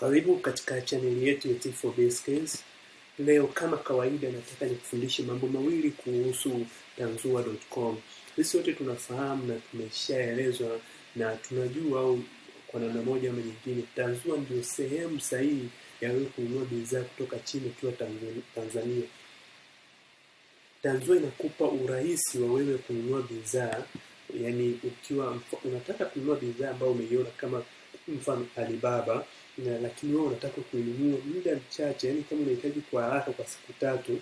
Karibu katika chaneli yetu ya T4 Skills. Leo kama kawaida, nataka nikufundishe mambo mawili kuhusu tanzua.com. Sisi wote tunafahamu na tumeshaelezwa na tunajua au kwa namna moja ama nyingine, Tanzua ndio sehemu sahihi ya wewe kununua bidhaa kutoka China ukiwa Tanzania. Tanzua inakupa urahisi wa wewe kununua bidhaa, yani ukiwa unataka kununua bidhaa ambayo umeiona kama mfano Alibaba na, lakini wewe unataka kuinunua muda mchache, yani kama unahitaji kwa haraka kwa siku tatu,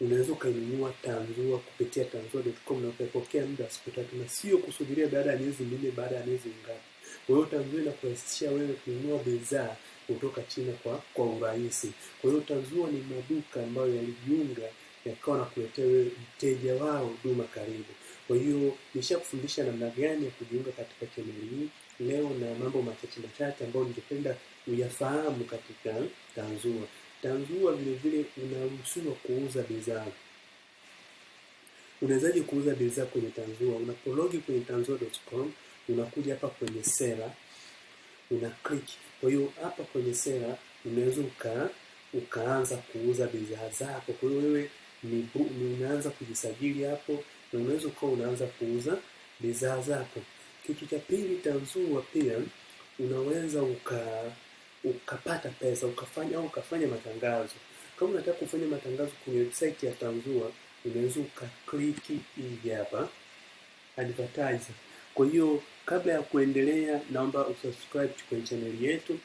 unaweza ukainunua Tanzua kupitia tanzua.com na ukaipokea muda wa siku tatu, na sio kusubiria baada ya miezi minne, baada ya miezi ngapi. Kwa hiyo Tanzua inakurahisishia wewe kununua bidhaa kutoka China kwa kwa urahisi. Kwa hiyo Tanzua ni maduka ambayo yalijiunga yakawa na kuletea wewe mteja wao huduma karibu. Kwa hiyo nishakufundisha namna gani ya kujiunga katika chaneli hii leo na mambo machache machache ambayo ningependa uyafahamu katika tanzua. Tanzua vile vile unaruhusiwa kuuza bidhaa. Unawezaje kuuza bidhaa kwenye tanzua? Unapologi kwenye tanzua.com, unakuja hapa kwenye sera, una click. Kwa hiyo hapa kwenye sera unaweza uka, ukaanza kuuza bidhaa zako. Kwa hiyo wewe ni, unaanza kujisajili hapo na unaweza ukawa unaanza kuuza bidhaa zako. Kitu cha pili tazua pia unaweza uka ukapata pesa ukafanya au ukafanya matangazo. Kama unataka kufanya matangazo kwenye website ya Tanzua, unaweza ukakliki hii hapa advertise. Kwa hiyo kabla ya kuendelea, naomba usubscribe kwenye chaneli yetu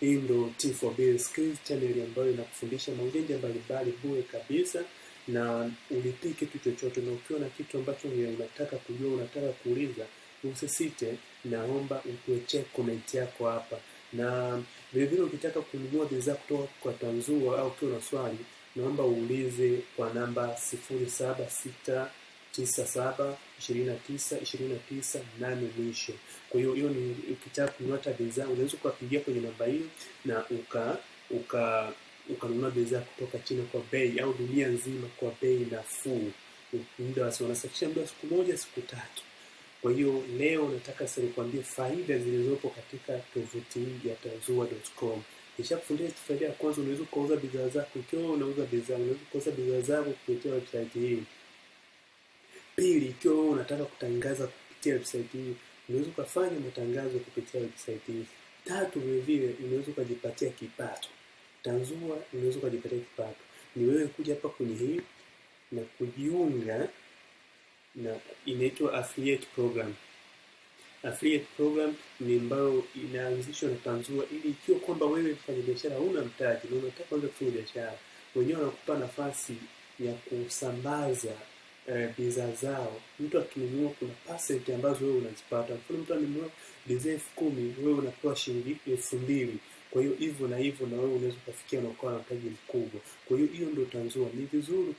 hii ndo T4B Skills channel ambayo inakufundisha maujanja mbalimbali bure kabisa na ulipie kitu chochote, na ukiwa na kitu ambacho unataka kujua, unataka kuuliza, usisite, naomba utuwechee komenti yako hapa, na vilevile ukitaka kununua bidhaa kutoka kwa Tanzua au ukiwa na swali, naomba uulize kwa namba sifuri saba sita tisa saba ishirini na tisa ishirini na tisa nane mwisho. Kwa hiyo hiyo ni ukitaka kununua hata bidhaa unaweza ukapigia kwenye namba hiyo na uka uka ukanunua bidhaa kutoka China kwa bei au dunia nzima kwa bei nafuu. Muda wanasafisha muda wa siku moja, siku tatu. Kwa hiyo leo nataka sasa nikwambie faida zilizopo katika tovuti hii ya tanzua.com. Nishakufundisha faida ya kwanza, unaweza kuuza bidhaa zako. Ikiwa unauza bidhaa, unaweza kuuza bidhaa zako kupitia website hii. Pili, ikiwa unataka kutangaza kupitia website hii, unaweza ukafanya matangazo kupitia website hii. Tatu, vile vile unaweza ukajipatia kipato tanzua unaweza ukajipatia kipato, ni wewe kuja hapa kwenye hii na kujiunga na inaitwa affiliate program. Affiliate program ni ambayo inaanzishwa na tanzua ili ikiwa kwamba wewe mfanya biashara huna mtaji na unataka kuanza kufanya biashara, wenyewe wanakupa nafasi ya kusambaza eh, bidhaa zao. Mtu akinunua, kuna percent ambazo wewe unazipata. Mfano, mtu anunua bidhaa elfu kumi, wewe unapewa shilingi elfu mbili kwa hiyo hivyo na hivyo, na wewe unaweza ukafikia na ukawa na mtaji mkubwa. Kwa hiyo hiyo ndio Tanzua. Ni vizuri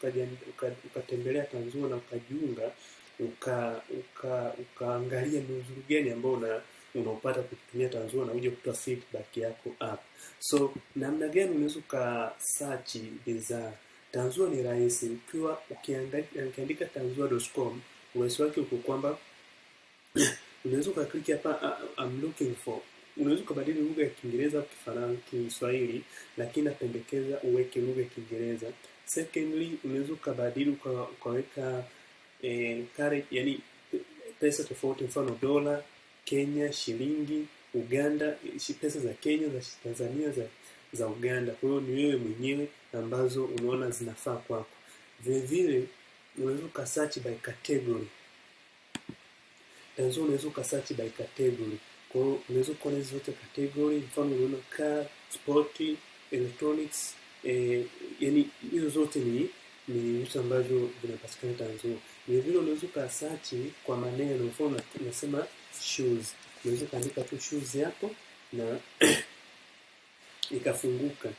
ukatembelea Tanzua na ukajiunga, uka uka ukaangalia ni uzuri gani ambao una unaopata kutumia Tanzua na uje kutoa feedback yako app. So namna gani unaweza uka search bidhaa? Tanzua ni rahisi. Ukiwa ukiandika tanzua.com, urahisi wake uko kwamba unaweza ukakliki hapa I'm looking for unaweza ukabadili lugha ya Kiingereza au Kifaransa, Kiswahili, lakini napendekeza uweke lugha ya Kiingereza. Secondly, unaweza ukabadili ukaweka eh, kare, yani pesa tofauti, mfano dola Kenya, shilingi Uganda, pesa za Kenya za Tanzania za za Uganda. Kwa hiyo ni wewe mwenyewe ambazo unaona zinafaa kwako. Vile vile unaweza ukasearch by category, tanzo unaweza ukasearch by category kwa hiyo unaweza kuona hizo zote category, mfano unaona car, sporty, electronics eh, yani hizo zote ni ni vitu ambavyo vinapatikana Tanzania. Ni vile unaweza ukasearch kwa maneno, mfano unasema shoes, unaweza kaandika tu shoes hapo na ikafunguka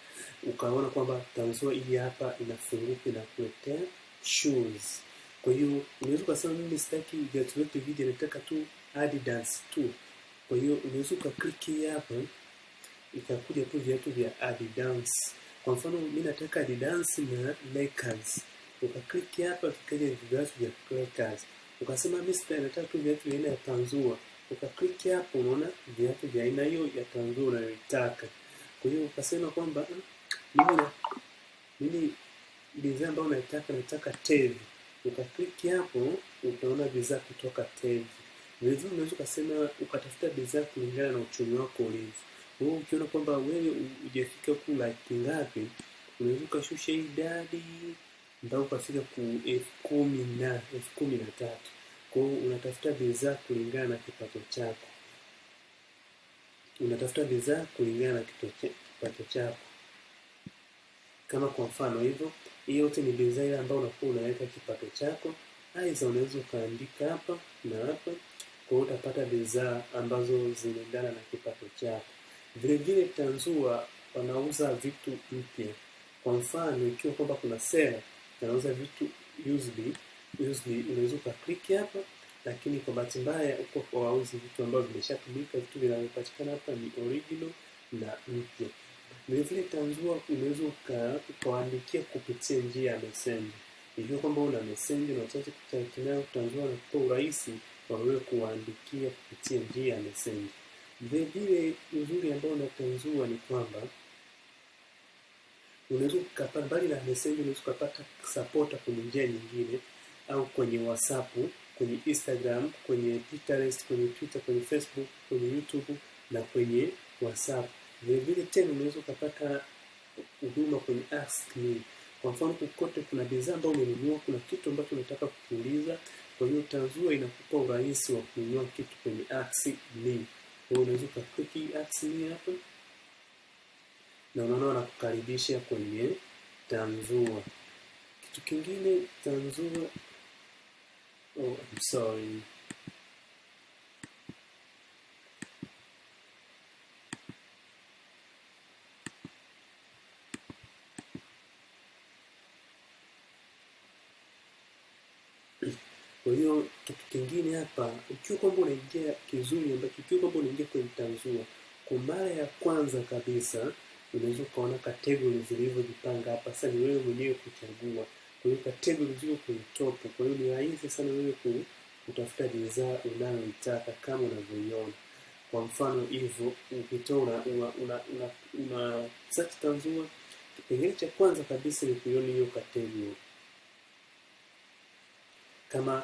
ukaona kwamba tanzua hii hapa inafunguka na kuletea shoes. Kwa hiyo unaweza kusema mimi sitaki viatu vyote vije, nataka tu Adidas tu kwa hiyo unaweza ukakliki hapo, itakuja tu viatu vya Adidas. Kwa mfano mimi nataka Adidas na Lakers, ukakliki hapa, vikaja viatu vya Lakers. Ukasema mimi sasa nataka tu viatu vya aina ya Tanzua, ukakliki hapo, unaona viatu vya aina hiyo ya Tanzua unayotaka. Kwa hiyo ukasema kwamba ah, mimi na mimi bidhaa ambayo nataka nataka Tevi, ukakliki hapo, utaona bidhaa kutoka Tevi. Vilevile unaweza ukasema ukatafuta bidhaa kulingana na uchumi wako ulivyo. Kwa hiyo ukiona kwamba wewe hujafika ku laki ngapi, unaweza ukashusha idadi mpaka ukafika ku elfu kumi na elfu kumi na tatu. Kwa hiyo unatafuta bidhaa kulingana na kipato chako, unatafuta bidhaa kulingana na kipato chako. Kama kwa mfano hivyo, hiyo yote ni bidhaa ile ambayo unakuwa unaweka kipato chako. Aidha, unaweza ukaandika hapa na hapa kwa utapata bidhaa ambazo zinaendana na kipato chako. Vile vile Tanzua wanauza vitu mpya. Kwa mfano, ikiwa kwamba kuna sera wanauza vitu used, used unaweza ukaklik hapa, lakini kwa bahati mbaya uko kwa wauzi vitu ambavyo vimeshatumika. Vitu vinavyopatikana hapa ni original na mpya. Vile vile Tanzua unaweza ukawaandikia kupitia njia ya Messenger. Ikiwa kwamba una Messenger na unataka kuchat nayo, Tanzua kwa urahisi waweze kuwaandikia kupitia njia ya messenger. vilevile uzuri ambao unatanzua ni kwamba unaweza ukapata mbali na messenger, unaweza ukapata sapota kwenye njia nyingine, au kwenye WhatsApp, kwenye Instagram, kwenye Pinterest, kwenye Twitter, kwenye Facebook, kwenye YouTube na kwenye WhatsApp. vilevile tena unaweza ukapata huduma kwenye Ask Me. Kwa mfano, kokote kuna bidhaa ambayo umenunua, kuna kitu ambacho unataka kukiuliza, kwa hiyo tanzua inakupa urahisi wa kununua kitu kwenye axi ni. Kwa hiyo unaweza ukaklik axi ni hapo na unaona wanakukaribisha kwenye tanzua. Kitu kingine tanzua, oh, I'm sorry Kwa hiyo kitu kingine hapa, ukiwa kwamba unaingia kizuri ambacho ukiwa kwamba unaingia kwenye tanzua, kwa mara ya kwanza kabisa unaweza ukaona kategori zilivyojipanga hapa. Sasa ni wewe mwenyewe kuchagua, kwa hiyo kategori ziko kwenye top. Kwa hiyo ni rahisi sana wewe kutafuta bidhaa unayoitaka kama unavyoiona. Kwa mfano hivyo, ukitoa una, una, una, una, una search tanzua, kipengele cha kwanza kabisa ni kuiona hiyo kategori kama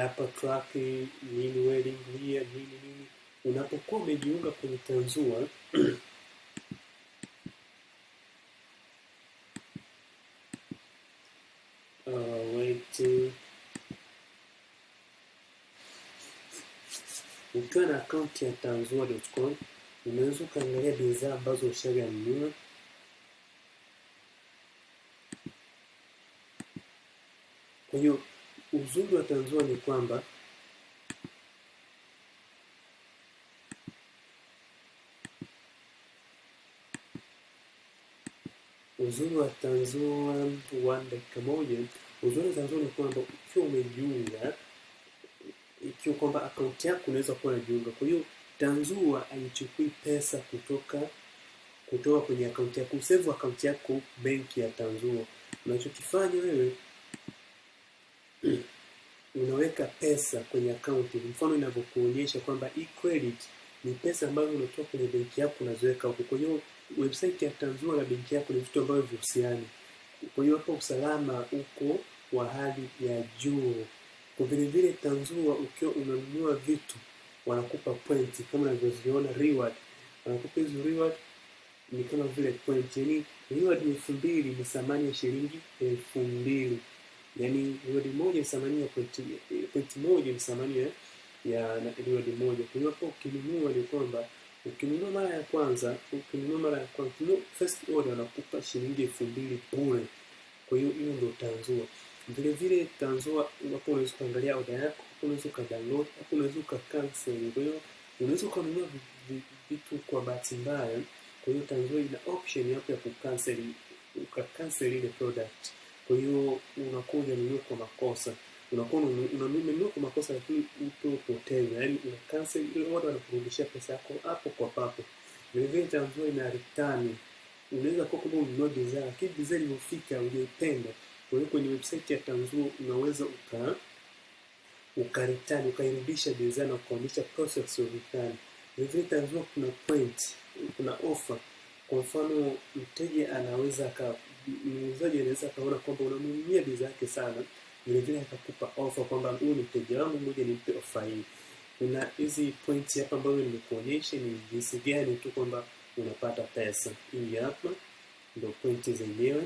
hapa track nini weli gear nini nini. Unapokuwa umejiunga kwenye tanzua ah, ukiwa na akaunti ya tanzua.com unaweza ukaangalia bidhaa ambazo ushaganunua kwa hiyo Uzuri wa tanzua ni kwamba uzuri wa tanzua wa dakika moja. Uzuri wa tanzua ni kwamba ukiwa umejiunga, ikiwa kwamba akaunti yako unaweza kuwa unajiunga, kwa hiyo tanzua haichukui pesa kutoka kutoka kwenye akaunti yako. Usevu akaunti yako benki ya tanzua, unachokifanya wewe unaweka pesa kwenye akaunti, mfano inavyokuonyesha kwamba e-credit ni pesa ambazo unatoa kwenye benki yako unaziweka huko. Kwa hiyo website ya Tanzua na benki yako ni vitu ambavyo vihusiani. Kwa hiyo hapo usalama uko wa hali ya juu. Kwa vile vile Tanzua, ukiwa unanunua vitu wanakupa point kama unavyoziona reward, wanakupa hizo reward ni kama vile point, yani reward elfu mbili ni thamani ya shilingi elfu mbili yani rodi moja thamani ya pointi moja thamani ya na rodi moja. Kwa hiyo ukinunua ni kwamba ukinunua mara ya kwanza, ukinunua mara ya kwanza, ukinunua first order nakupa shilingi elfu mbili bure. Kwa hiyo hiyo ndio tanzua. Vile vile tanzua, unapo unaweza kuangalia oda yako, unaweza ukadownload, hapo unaweza ukacancel. Kwa hiyo unaweza ukanunua vitu kwa bahati mbaya, kwa hiyo tanzua ina option yako ya kucancel, ukakancel ile product. Kwa hiyo unakuwa unanunua kwa makosa, unakuwa unanunua kwa makosa, lakini utopoteza, yaani cancel ile oda, wanakurudishia pesa yako hapo kwa papo. Vilevile TanZoa ina return, unaweza kuwa kwamba ununua bidhaa lakini bidhaa iliyofika ujaipenda, kwa hiyo kwenye website ya TanZoa unaweza uka ukaritani ukairudisha bidhaa na kuonyesha process ya ritani. Vilevile TanZoa kuna point, kuna offer. Kwa mfano mteja anaweza aka muuzaji anaweza akaona kwamba unamuumia bidhaa yake sana, vilevile akakupa ofa kwamba huyu ni mteja wangu, ngoja nimpe ofa hii. Kuna hizi pointi hapa ambazo nimekuonyesha ni jinsi gani tu kwamba unapata pesa. Hii hapa ndio pointi zenyewe.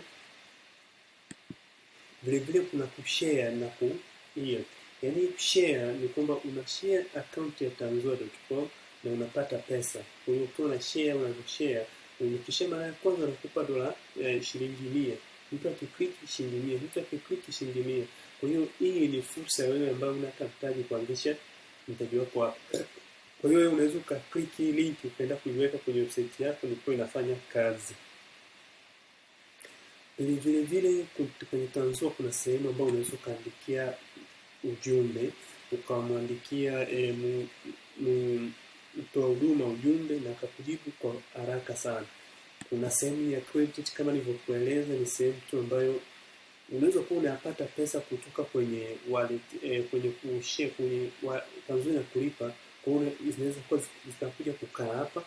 Vilevile kuna kushare na ku hiyo, yani share ni kwamba una share account ya tanzua.com na unapata pesa. Kwa hiyo ukiwa una share, una share Nikisha eh, mara ya kwanza nakupa dola eh, shilingi mia, mtu akikliki shilingi mia, mtu akikliki shilingi mia. Kwa hiyo hii ni fursa ya wewe ambayo unataka mtaji kuanzisha mtaji wako hapa. Kwa hiyo unaweza ukakliki link ukaenda kuiweka kwenye website yako, nikuwa inafanya kazi. Ili vile vile kwenye tanzua kuna sehemu ambayo unaweza ukaandikia ujumbe ukamwandikia eh, mtoa huduma ujumbe na akakujibu kwa haraka sana. Kuna sehemu ya credit kama nilivyokueleza, ni sehemu tu ambayo unaweza kuwa unapata pesa kutoka kwenye wallet eh, kwenye kushare kwenye kanzuri ya kulipa. Kwa hiyo zinaweza kuwa zitakuja kukaa hapa.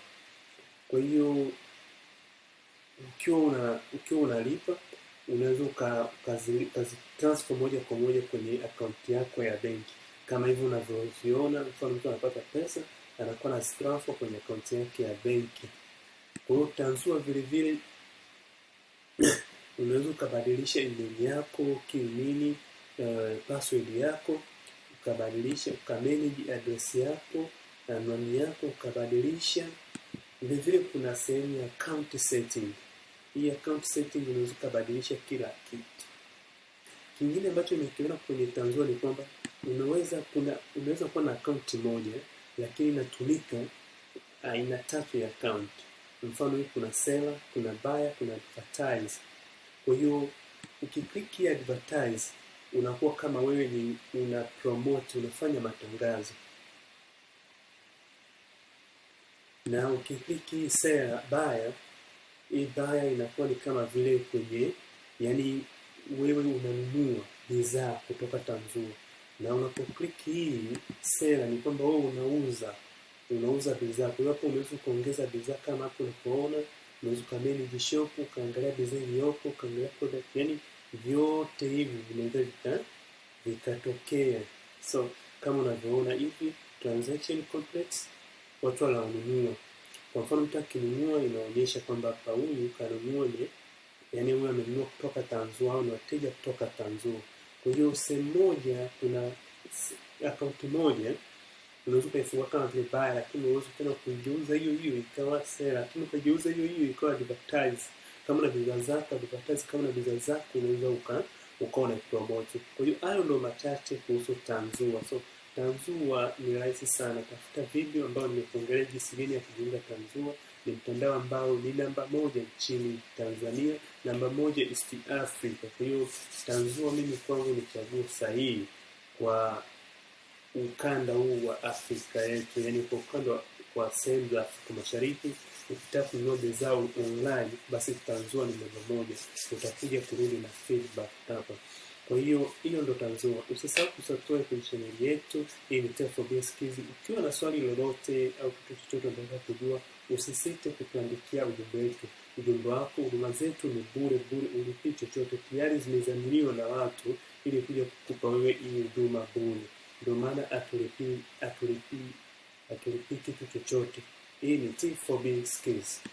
Kwa hiyo ukiwa una ukiwa unalipa unaweza ukazitransfer moja kwa moja kwenye akaunti yako ya benki kama hivyo unavyoziona. Mfano, mtu anapata pesa anakuwa na strafu kwenye akaunti yake ya benki. Kwa hiyo utanzua vile vile unaweza ukabadilisha email yako kinini, uh, eh, password yako ukabadilisha, ukamanage address yako anwani yako ukabadilisha. Vile vile kuna sehemu ya account setting. Hii account setting unaweza ukabadilisha kila kitu. Kingine ambacho nimekiona kwenye tanzua ni kwamba unaweza kuna unaweza kuwa na account moja lakini inatumika aina ah, tatu ya account. Mfano hii kuna seller, kuna buyer, kuna advertise. Kwa hiyo ukikliki advertise unakuwa kama wewe ni una promote, unafanya matangazo na ukikliki seller buyer, hii buyer inakuwa ni kama vile kwenye, yani wewe unanunua bidhaa kutoka Tanzua na unapokliki hii sera ni kwamba wewe unauza unauza bidhaa. Kwa hiyo hapo unaweza kuongeza bidhaa kama hapo unapoona, unaweza ukamanage shop, ukaangalia bidhaa iliyoko, ukaangalia product, yani vyote hivi vinaweza vika vikatokea. So kama unavyoona hivi, transaction complex, watu wanaonunua. Kwa mfano mtu akinunua, inaonyesha kwamba hapa huyu kanunua, ni yani huyu amenunua kutoka Tanzua au ni wateja kutoka Tanzua. Kwa sehemu moja kuna akaunti moja unaweza ukaifungua kama baya lakini unaweza tena kuigeuza hiyo hiyo ikawa sera, lakini ukageuza hiyo hiyo ikawa advertise. Kama na bidhaa zako advertise, kama na bidhaa zako unaweza uka ukawa unapromote. Kwa hiyo hayo ndio machache kuhusu tanzua. So tanzua ni rahisi sana, tafuta video ambayo nimekuongelea jinsi gani ya kujenga tanzua ni mtandao ambao ni namba moja nchini Tanzania, namba moja East Africa. Kwa hiyo TANZUA mimi kwangu ni chaguo sahihi kwa ukanda huu wa Afrika yetu, yani kwa ukanda kwa sehemu za Afrika Mashariki. Ukitaka kununua bidhaa online, basi TANZUA ni namba moja, utakuja kurudi na feedback hapa. Kwa hiyo hiyo ndo TANZUA. Usisahau kusubscribe kwenye channel yetu hii ni Tech4Basics. Ukiwa na swali lolote au kitu chochote unataka kujua Usisite kutuandikia ujumbe wetu, ujumbe wako. Huduma zetu ni bure bure, ulipi chochote, tayari zimezamiliwa na watu ili kuja kukupa wewe hii huduma bure. Ndio maana atulipii atulipii kitu chochote. Hii ni T4B Skills.